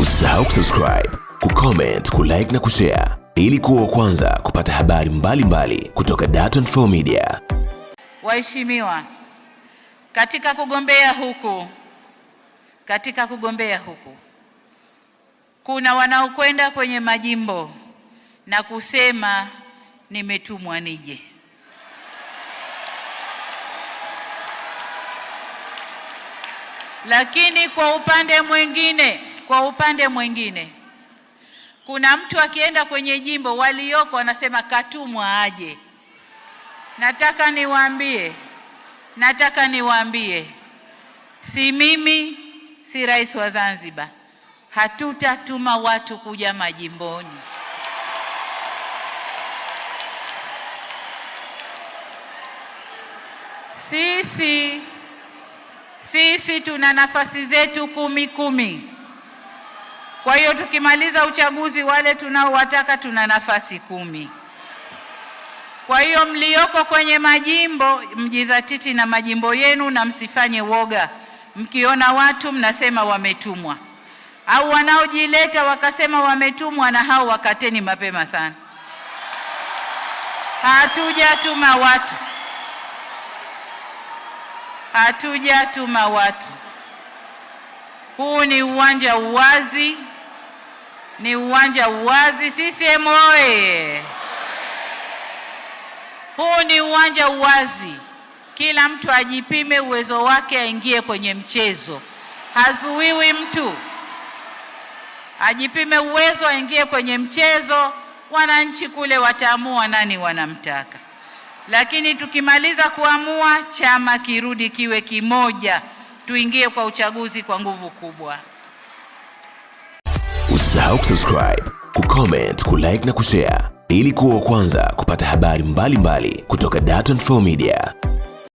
Usisahau kusubscribe, kucomment, kulike na kushare ili kuwa kwanza kupata habari mbalimbali mbali kutoka Dar24 Media. Waheshimiwa, katika kugombea huku katika kugombea huku kuna wanaokwenda kwenye majimbo na kusema nimetumwa nije. Lakini kwa upande mwingine kwa upande mwingine, kuna mtu akienda kwenye jimbo walioko wanasema katumwa aje. Nataka niwaambie, nataka niwaambie, si mimi, si rais wa Zanzibar, hatutatuma watu kuja majimboni. Sisi sisi tuna nafasi zetu kumi kumi. Kwa hiyo tukimaliza uchaguzi wale tunaowataka tuna nafasi kumi. Kwa hiyo mlioko kwenye majimbo mjidhatiti na majimbo yenu na msifanye woga. Mkiona watu mnasema wametumwa, au wanaojileta wakasema wametumwa, na hao wakateni mapema sana. Hatujatuma watu, hatujatuma watu. Huu ni uwanja wazi, ni uwanja wazi. CCM oye! Huu ni uwanja wazi, kila mtu ajipime uwezo wake, aingie kwenye mchezo, hazuiwi mtu. Ajipime uwezo, aingie kwenye mchezo. Wananchi kule wataamua nani wanamtaka, lakini tukimaliza kuamua, chama kirudi kiwe kimoja tuingie kwa uchaguzi kwa nguvu kubwa. Usisahau kusubscribe, kucomment, kulike na kushare ili kuwa wa kwanza kupata habari mbalimbali mbali kutoka Dar24 Media.